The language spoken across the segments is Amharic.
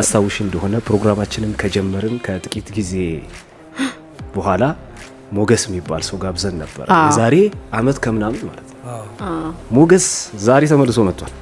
አስታውሽ እንደሆነ ፕሮግራማችንን ከጀመርን ከጥቂት ጊዜ በኋላ ሞገስ የሚባል ሰው ጋብዘን ነበር። ዛሬ አመት ከምናምን ማለት ነው። ሞገስ ዛሬ ተመልሶ መጥቷል።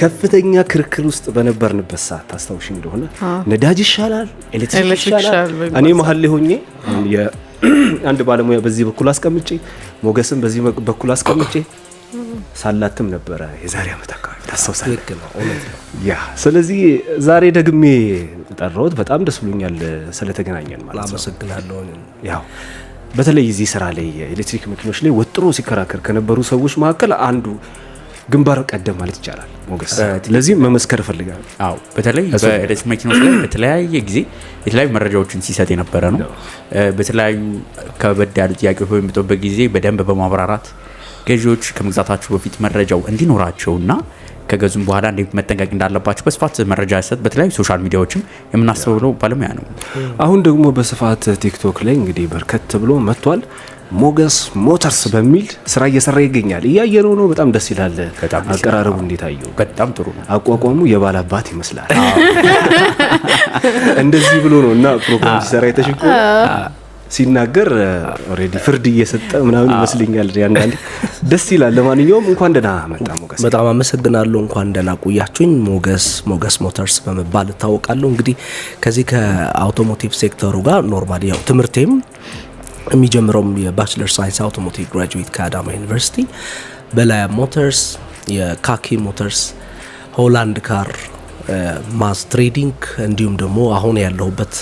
ከፍተኛ ክርክር ውስጥ በነበርንበት ሰዓት ታስታውሽ እንደሆነ ነዳጅ ይሻላል፣ ኤሌክትሪክ ይሻላል። እኔ መሀል ሆኜ አንድ ባለሙያ በዚህ በኩል አስቀምጬ፣ ሞገስም በዚህ በኩል አስቀምጬ ሳላትም ነበረ የዛሬ ዓመት አካባቢ ታስታውሳለህ? ያ ስለዚህ ዛሬ ደግሜ ጠራሁት። በጣም ደስ ብሎኛል ስለተገናኘን ማለት ነው። አመሰግናለሁ። ያው በተለይ እዚህ ስራ ላይ የኤሌክትሪክ መኪኖች ላይ ወጥሮ ሲከራከር ከነበሩ ሰዎች መካከል አንዱ ግንባር ቀደም ማለት ይቻላል ሞገስ። ስለዚህ መመስከር እፈልጋለሁ። አዎ በተለይ በኤሌክትሪክ መኪኖች ላይ በተለያየ ጊዜ የተለያዩ መረጃዎችን ሲሰጥ የነበረ ነው። በተለያዩ ከበድ ያሉ ጥያቄዎች በሚመጡበት ጊዜ በደንብ በማብራራት ገዢዎች ከመግዛታቸው በፊት መረጃው እንዲኖራቸውና ከገዙም በኋላ እንዴት መጠንቀቅ እንዳለባቸው በስፋት መረጃ ሰጥ በተለያዩ ሶሻል ሚዲያዎችም የምናስተውለው ባለሙያ ነው። አሁን ደግሞ በስፋት ቲክቶክ ላይ እንግዲህ በርከት ብሎ መጥቷል። ሞገስ ሞተርስ በሚል ስራ እየሰራ ይገኛል። እያየነው ነው። በጣም ደስ ይላል። አቀራረቡ እንዴት አየው? በጣም ጥሩ ነው። አቋቋሙ የባለ አባት ይመስላል። እንደዚህ ብሎ ነው እና ፕሮግራም ሲሰራ የተሽቆ ሲናገር ኦልሬዲ ፍርድ እየሰጠ ምናምን ይመስለኛል። አንዳንዴ ደስ ይላል። ለማንኛውም እንኳን ደህና መጣ ሞገስ፣ በጣም አመሰግናለሁ። እንኳን ደህና ቆያችሁኝ። ሞገስ ሞገስ ሞተርስ በመባል እታወቃለሁ። እንግዲህ ከዚህ ከአውቶሞቲቭ ሴክተሩ ጋር ኖርማል ያው ትምህርቴም የሚጀምረውም የባችለር ሳይንስ አውቶሞቲቭ ግራጁዌት ከአዳማ ዩኒቨርሲቲ በላያ ሞተርስ፣ የካኪ ሞተርስ፣ ሆላንድ ካር፣ ማስ ትሬዲንግ እንዲሁም ደግሞ አሁን ያለሁበት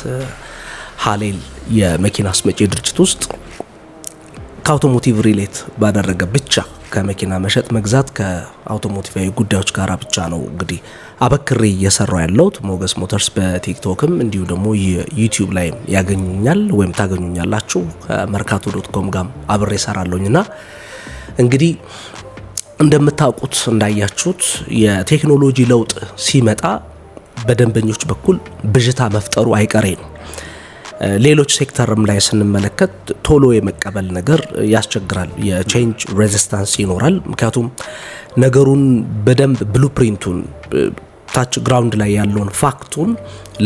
ሀሌል የመኪና አስመጪ ድርጅት ውስጥ ከአውቶሞቲቭ ሪሌት ባደረገ ብቻ ከመኪና መሸጥ መግዛት ከአውቶሞቲቫዊ ጉዳዮች ጋር ብቻ ነው እንግዲህ አበክሬ እየሰራው ያለሁት። ሞገስ ሞተርስ በቲክቶክም እንዲሁ ደግሞ ዩቲዩብ ላይ ያገኙኛል ወይም ታገኙኛላችሁ። መርካቶ ዶት ኮም ጋም አብሬ እሰራለሁኝ ና እንግዲህ እንደምታውቁት እንዳያችሁት የቴክኖሎጂ ለውጥ ሲመጣ በደንበኞች በኩል ብዥታ መፍጠሩ አይቀሬ ነው። ሌሎች ሴክተርም ላይ ስንመለከት ቶሎ የመቀበል ነገር ያስቸግራል። የቼንጅ ሬዚስታንስ ይኖራል። ምክንያቱም ነገሩን በደንብ ብሉፕሪንቱን ታች ግራውንድ ላይ ያለውን ፋክቱን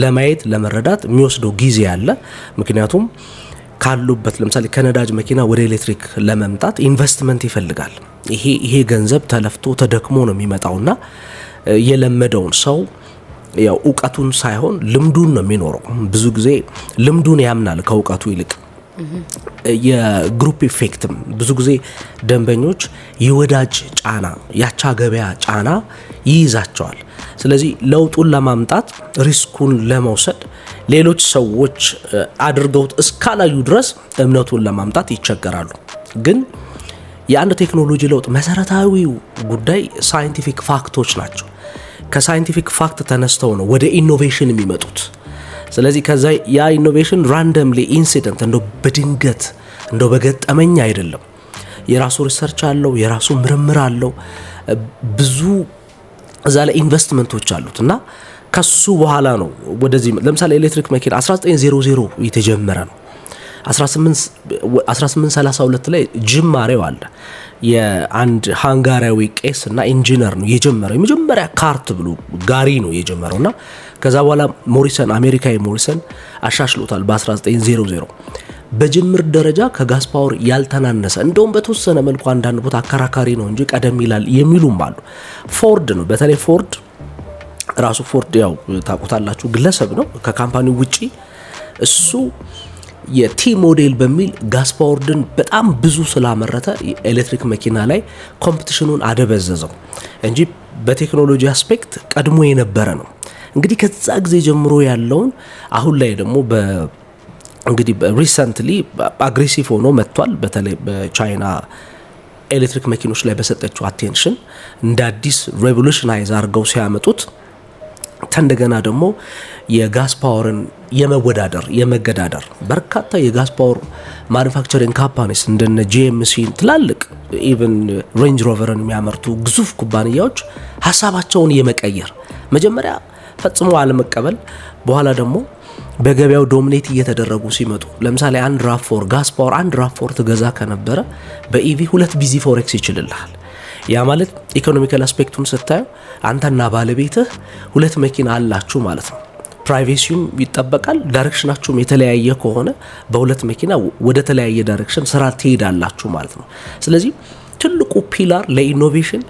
ለማየት ለመረዳት የሚወስደው ጊዜ አለ። ምክንያቱም ካሉበት ለምሳሌ ከነዳጅ መኪና ወደ ኤሌክትሪክ ለመምጣት ኢንቨስትመንት ይፈልጋል። ይሄ ይሄ ገንዘብ ተለፍቶ ተደክሞ ነው የሚመጣውና የለመደውን ሰው ያው እውቀቱን ሳይሆን ልምዱን ነው የሚኖረው። ብዙ ጊዜ ልምዱን ያምናል ከእውቀቱ ይልቅ። የግሩፕ ኢፌክትም ብዙ ጊዜ ደንበኞች የወዳጅ ጫና፣ ያቻ ገበያ ጫና ይይዛቸዋል። ስለዚህ ለውጡን ለማምጣት ሪስኩን ለመውሰድ ሌሎች ሰዎች አድርገውት እስካላዩ ድረስ እምነቱን ለማምጣት ይቸገራሉ። ግን የአንድ ቴክኖሎጂ ለውጥ መሰረታዊው ጉዳይ ሳይንቲፊክ ፋክቶች ናቸው። ከሳይንቲፊክ ፋክት ተነስተው ነው ወደ ኢኖቬሽን የሚመጡት። ስለዚህ ከዛ ያ ኢኖቬሽን ራንደምሊ ኢንሲደንት እንደ በድንገት እንደ በገጠመኝ አይደለም። የራሱ ሪሰርች አለው፣ የራሱ ምርምር አለው፣ ብዙ እዛ ላይ ኢንቨስትመንቶች አሉት እና ከሱ በኋላ ነው ወደዚህ ለምሳሌ ኤሌክትሪክ መኪና 1900 የተጀመረ ነው። 1832 ላይ ጅማሬው አለ። የአንድ ሃንጋሪያዊ ቄስ እና ኢንጂነር ነው የጀመረው። የመጀመሪያ ካርት ብሎ ጋሪ ነው የጀመረው እና ከዛ በኋላ ሞሪሰን አሜሪካዊ ሞሪሰን አሻሽሎታል በ1900 በጅምር ደረጃ ከጋስ ፓወር ያልተናነሰ እንደውም በተወሰነ መልኩ አንዳንድ ቦታ አከራካሪ ነው እንጂ ቀደም ይላል የሚሉም አሉ። ፎርድ ነው በተለይ ፎርድ ራሱ ፎርድ ያው ታውቁታላችሁ ግለሰብ ነው ከካምፓኒው ውጪ እሱ የቲ ሞዴል በሚል ጋስ ፓወርድን በጣም ብዙ ስላመረተ ኤሌክትሪክ መኪና ላይ ኮምፕቲሽኑን አደበዘዘው እንጂ በቴክኖሎጂ አስፔክት ቀድሞ የነበረ ነው። እንግዲህ ከዛ ጊዜ ጀምሮ ያለውን አሁን ላይ ደግሞ እንግዲህ ሪሰንትሊ አግሬሲቭ ሆኖ መጥቷል። በተለይ በቻይና ኤሌክትሪክ መኪኖች ላይ በሰጠችው አቴንሽን እንደ አዲስ ሬቮሉሽናይዝ አድርገው ሲያመጡት እንደገና ደግሞ የጋስ ፓወርን የመወዳደር የመገዳደር በርካታ የጋስ ፓወር ማኑፋክቸሪንግ ካምፓኒስ እንደነ ጂኤምሲ ትላልቅ ኢቨን ሬንጅ ሮቨርን የሚያመርቱ ግዙፍ ኩባንያዎች ሀሳባቸውን የመቀየር መጀመሪያ ፈጽሞ አለመቀበል በኋላ ደግሞ በገበያው ዶሚኔት እየተደረጉ ሲመጡ ለምሳሌ አንድ ራፎር ጋስ ፓወር አንድ ራፎር ትገዛ ከነበረ በኢቪ ሁለት ቢዚ ፎሬክስ ይችልልሃል። ያ ማለት ኢኮኖሚካል አስፔክቱን ስታዩ አንተና ባለቤትህ ሁለት መኪና አላችሁ ማለት ነው። ፕራይቬሲውም ይጠበቃል። ዳይሬክሽናችሁም የተለያየ ከሆነ በሁለት መኪና ወደ ተለያየ ዳይሬክሽን ስራ ትሄዳላችሁ ማለት ነው። ስለዚህ ትልቁ ፒላር ለኢኖቬሽን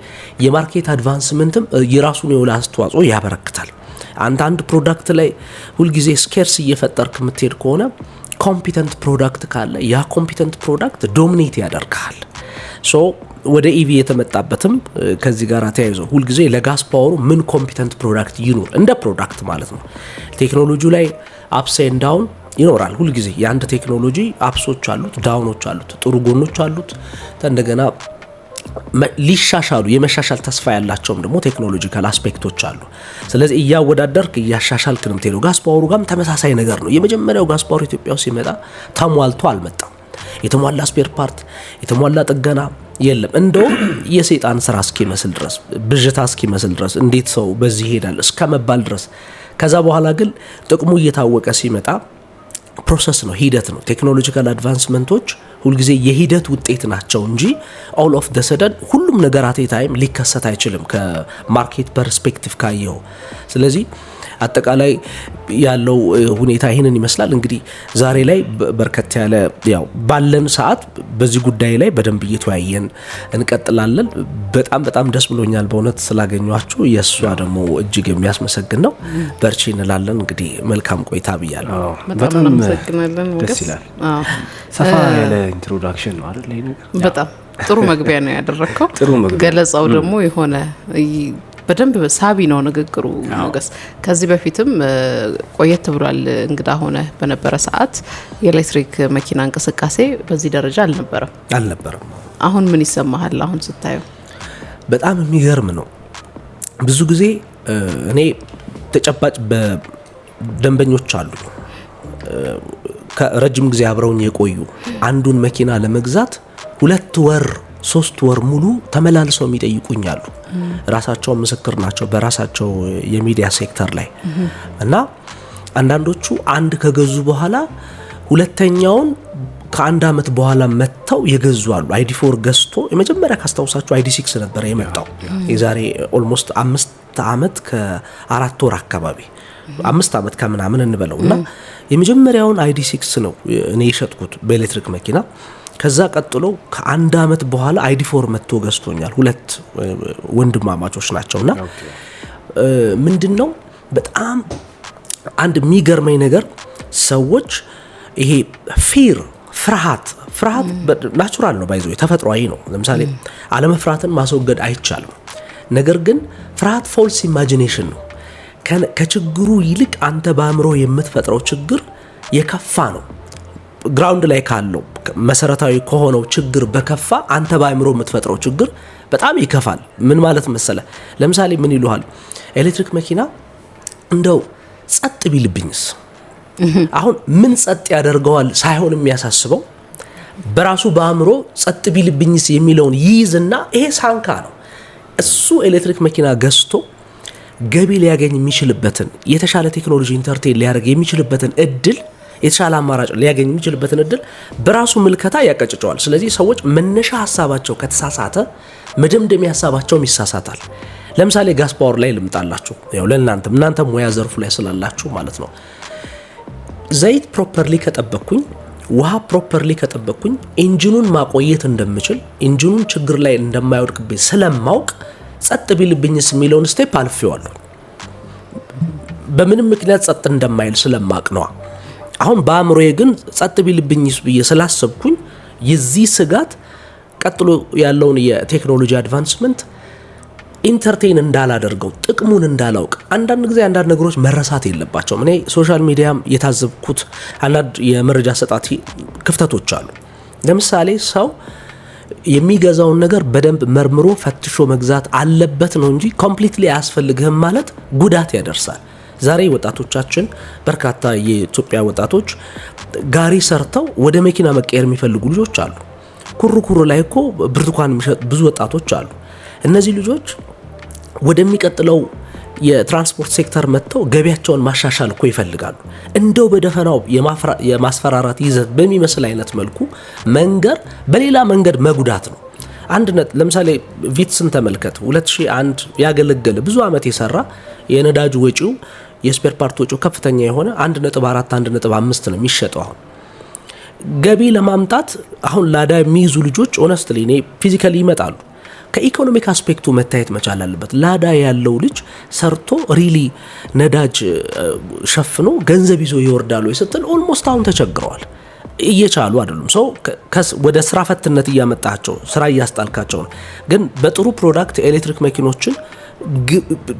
የማርኬት አድቫንስመንትም የራሱን የሆነ አስተዋጽኦ ያበረክታል። አንተ አንድ ፕሮዳክት ላይ ሁልጊዜ ስኬርስ እየፈጠርክ የምትሄድ ከሆነ ኮምፒተንት ፕሮዳክት ካለ ያ ኮምፒተንት ፕሮዳክት ዶሚኔት ያደርግሃል። ሶ ወደ ኢቪ የተመጣበትም ከዚህ ጋር ተያይዞ ሁልጊዜ ለጋስ ፓወሩ ምን ኮምፒተንት ፕሮዳክት ይኖር እንደ ፕሮዳክት ማለት ነው። ቴክኖሎጂው ላይ አፕስ ዳውን ይኖራል። ሁልጊዜ የአንድ ቴክኖሎጂ አፕሶች አሉት፣ ዳውኖች አሉት፣ ጥሩ ጎኖች አሉት። እንደገና ሊሻሻሉ የመሻሻል ተስፋ ያላቸውም ደግሞ ቴክኖሎጂካል አስፔክቶች አሉ። ስለዚህ እያወዳደርክ እያሻሻልክ ነው የምትሄደው። ጋስ ፓወሩ ጋርም ተመሳሳይ ነገር ነው። የመጀመሪያው ጋስ ፓወሩ ኢትዮጵያ ውስጥ ሲመጣ ተሟልቶ አልመጣም። የተሟላ ስፔር ፓርት፣ የተሟላ ጥገና የለም። እንደውም የሰይጣን ስራ እስኪመስል ድረስ ብዥታ እስኪመስል ድረስ እንዴት ሰው በዚህ ይሄዳል እስከ መባል ድረስ ከዛ በኋላ ግን ጥቅሙ እየታወቀ ሲመጣ ፕሮሰስ ነው፣ ሂደት ነው። ቴክኖሎጂካል አድቫንስመንቶች ሁልጊዜ የሂደት ውጤት ናቸው እንጂ ኦል ኦፍ ደ ሰደን ሁሉም ነገር አቴ ታይም ሊከሰት አይችልም ከማርኬት ፐርስፔክቲቭ ካየው። ስለዚህ አጠቃላይ ያለው ሁኔታ ይህንን ይመስላል። እንግዲህ ዛሬ ላይ በርከት ያለ ያው ባለን ሰዓት በዚህ ጉዳይ ላይ በደንብ እየተወያየን እንቀጥላለን። በጣም በጣም ደስ ብሎኛል በእውነት ስላገኟችሁ። የእሷ ደግሞ እጅግ የሚያስመሰግን ነው። በርቺ እንላለን። እንግዲህ መልካም ቆይታ ብያለሁ። በጣም ደስ ይላል። ሰፋ ያለ ኢንትሮዳክሽን ነው አይደል? በጣም ጥሩ መግቢያ ነው ያደረግከው። ጥሩ ገለጻው ደግሞ የሆነ በደንብ ሳቢ ነው ንግግሩ ሞገስ። ከዚህ በፊትም ቆየት ብሏል እንግዳ ሆነ በነበረ ሰዓት የኤሌክትሪክ መኪና እንቅስቃሴ በዚህ ደረጃ አልነበረም አልነበረም። አሁን ምን ይሰማሃል? አሁን ስታየው በጣም የሚገርም ነው። ብዙ ጊዜ እኔ ተጨባጭ ደንበኞች አሉ ከረጅም ጊዜ አብረውኝ የቆዩ አንዱን መኪና ለመግዛት ሁለት ወር ሶስት ወር ሙሉ ተመላልሰው የሚጠይቁኝ አሉ። ራሳቸው ምስክር ናቸው በራሳቸው የሚዲያ ሴክተር ላይ እና አንዳንዶቹ አንድ ከገዙ በኋላ ሁለተኛውን ከአንድ አመት በኋላ መጥተው የገዙ አሉ። አይዲ ፎር ገዝቶ የመጀመሪያ ካስታውሳችሁ አይዲ ሲክስ ነበረ የመጣው የዛሬ ኦልሞስት አምስት አመት ከአራት ወር አካባቢ አምስት አመት ከምናምን እንበለው እና የመጀመሪያውን አይዲ ሲክስ ነው እኔ የሸጥኩት በኤሌክትሪክ መኪና ከዛ ቀጥሎ ከአንድ አመት በኋላ አይዲ ፎር መጥቶ ገዝቶኛል። ሁለት ወንድማማቾች ናቸውና ምንድን ነው በጣም አንድ የሚገርመኝ ነገር ሰዎች ይሄ ፊር ፍርሃት ፍርሃት ናቹራል ነው ባይዘ ተፈጥሯዊ ነው። ለምሳሌ አለመፍራትን ማስወገድ አይቻልም። ነገር ግን ፍርሃት ፎልስ ኢማጂኔሽን ነው። ከችግሩ ይልቅ አንተ በአእምሮ የምትፈጥረው ችግር የከፋ ነው ግራውንድ ላይ ካለው መሰረታዊ ከሆነው ችግር በከፋ አንተ በአእምሮ የምትፈጥረው ችግር በጣም ይከፋል። ምን ማለት መሰለ፣ ለምሳሌ ምን ይሉሃል፣ ኤሌክትሪክ መኪና እንደው ጸጥ ቢልብኝስ? አሁን ምን ጸጥ ያደርገዋል ሳይሆን የሚያሳስበው በራሱ በአእምሮ ጸጥ ቢልብኝስ የሚለውን ይይዝና ይሄ ሳንካ ነው። እሱ ኤሌክትሪክ መኪና ገዝቶ ገቢ ሊያገኝ የሚችልበትን የተሻለ ቴክኖሎጂ ኢንተርቴን ሊያደርግ የሚችልበትን እድል የተሻለ አማራጭ ሊያገኝ የሚችልበትን እድል በራሱ ምልከታ ያቀጭጨዋል። ስለዚህ ሰዎች መነሻ ሀሳባቸው ከተሳሳተ መደምደሚያ ሀሳባቸውም ይሳሳታል። ለምሳሌ ጋስ ፓወር ላይ ልምጣላችሁ፣ ያው ለእናንተ እናንተ ሙያ ዘርፉ ላይ ስላላችሁ ማለት ነው። ዘይት ፕሮፐርሊ ከጠበቅኩኝ፣ ውሃ ፕሮፐርሊ ከጠበቅኩኝ፣ ኢንጂኑን ማቆየት እንደምችል ኢንጂኑን ችግር ላይ እንደማይወድቅብኝ ስለማውቅ ጸጥ ቢልብኝስ የሚለውን ስቴፕ አልፌዋለሁ። በምንም ምክንያት ጸጥ እንደማይል ስለማቅ ነዋ። አሁን በአእምሮዬ ግን ጸጥ ቢልብኝስ ብዬ ስላሰብኩኝ የዚህ ስጋት ቀጥሎ ያለውን የቴክኖሎጂ አድቫንስመንት ኢንተርቴን እንዳላደርገው ጥቅሙን እንዳላውቅ አንዳንድ ጊዜ አንዳንድ ነገሮች መረሳት የለባቸውም። እኔ ሶሻል ሚዲያም የታዘብኩት አንዳንድ የመረጃ አሰጣጥ ክፍተቶች አሉ። ለምሳሌ ሰው የሚገዛውን ነገር በደንብ መርምሮ ፈትሾ መግዛት አለበት ነው እንጂ ኮምፕሊትሊ አያስፈልግህም ማለት ጉዳት ያደርሳል። ዛሬ ወጣቶቻችን በርካታ የኢትዮጵያ ወጣቶች ጋሪ ሰርተው ወደ መኪና መቀየር የሚፈልጉ ልጆች አሉ። ኩርኩሩ ላይ እኮ ብርቱካን የሚሸጥ ብዙ ወጣቶች አሉ። እነዚህ ልጆች ወደሚቀጥለው የትራንስፖርት ሴክተር መጥተው ገቢያቸውን ማሻሻል እኮ ይፈልጋሉ። እንደው በደፈናው የማስፈራራት ይዘት በሚመስል አይነት መልኩ መንገር በሌላ መንገድ መጉዳት ነው። አንድ ለምሳሌ ቪትስን ተመልከት። 2001 ያገለገለ ብዙ ዓመት የሰራ የነዳጅ ወጪው የስፔር ፓርት ወጪው ከፍተኛ የሆነ 1.4 1.5 ነው የሚሸጠው። አሁን ገቢ ለማምጣት አሁን ላዳ የሚይዙ ልጆች ኦነስትሊ እኔ ፊዚካሊ ይመጣሉ። ከኢኮኖሚክ አስፔክቱ መታየት መቻል አለበት። ላዳ ያለው ልጅ ሰርቶ ሪሊ ነዳጅ ሸፍኖ ገንዘብ ይዞ ይወርዳሉ ስትል ኦልሞስት አሁን ተቸግረዋል። እየቻሉ አይደሉም። ሰው ወደ ስራ ፈትነት እያመጣቸው ስራ እያስጣልካቸው ነው። ግን በጥሩ ፕሮዳክት የኤሌክትሪክ መኪኖችን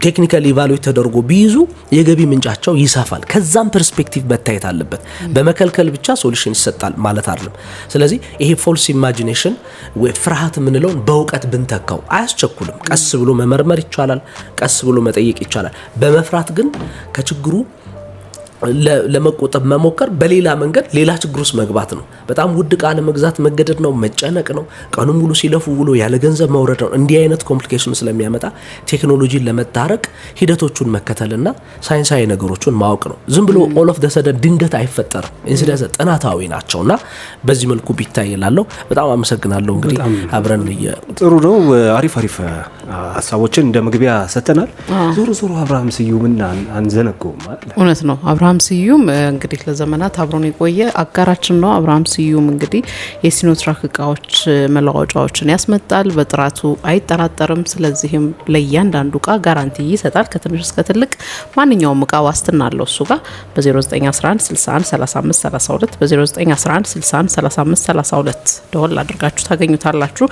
ቴክኒካሊ ኢቫሉዌት ተደርጎ ቢይዙ የገቢ ምንጫቸው ይሰፋል። ከዛም ፐርስፔክቲቭ መታየት አለበት። በመከልከል ብቻ ሶሉሽን ይሰጣል ማለት አይደለም። ስለዚህ ይሄ ፎልስ ኢማጂኔሽን ወይ ፍርሃት የምንለውን በእውቀት ብንተካው አያስቸኩልም። ቀስ ብሎ መመርመር ይቻላል። ቀስ ብሎ መጠየቅ ይቻላል። በመፍራት ግን ከችግሩ ለመቆጠብ መሞከር በሌላ መንገድ ሌላ ችግር ውስጥ መግባት ነው። በጣም ውድ ዕቃ ለመግዛት መገደድ ነው፣ መጨነቅ ነው፣ ቀኑ ሙሉ ሲለፉ ውሎ ያለ ገንዘብ መውረድ ነው። እንዲህ አይነት ኮምፕሊኬሽን ስለሚያመጣ ቴክኖሎጂን ለመታረቅ ሂደቶቹን መከተልና ሳይንሳዊ ነገሮችን ማወቅ ነው። ዝም ብሎ ኦል ኦፍ ደሰደን ድንገት አይፈጠርም። ኢንሲደንስ ጥናታዊ ናቸው እና በዚህ መልኩ ቢታይላለሁ። በጣም አመሰግናለሁ። እንግዲህ አብረን ጥሩ ነው። አሪፍ አሪፍ ሀሳቦችን እንደ መግቢያ ሰጥተናል። ዞሮ ዞሮ አብርሃም ስዩምና አንዘነገውም። እውነት ነው አብርሃም አብርሃም ስዩም እንግዲህ ለዘመናት አብሮን የቆየ አጋራችን ነው። አብርሃም ስዩም እንግዲህ የሲኖትራክ እቃዎች መለዋወጫዎችን ያስመጣል፣ በጥራቱ አይጠራጠርም። ስለዚህም ለእያንዳንዱ እቃ ጋራንቲ ይሰጣል። ከትንሽ እስከ ትልቅ ማንኛውም እቃ ዋስትና አለው እሱ ጋር በ0911 61 35 በ0911 61 35 ደወል አድርጋችሁ ታገኙታላችሁ።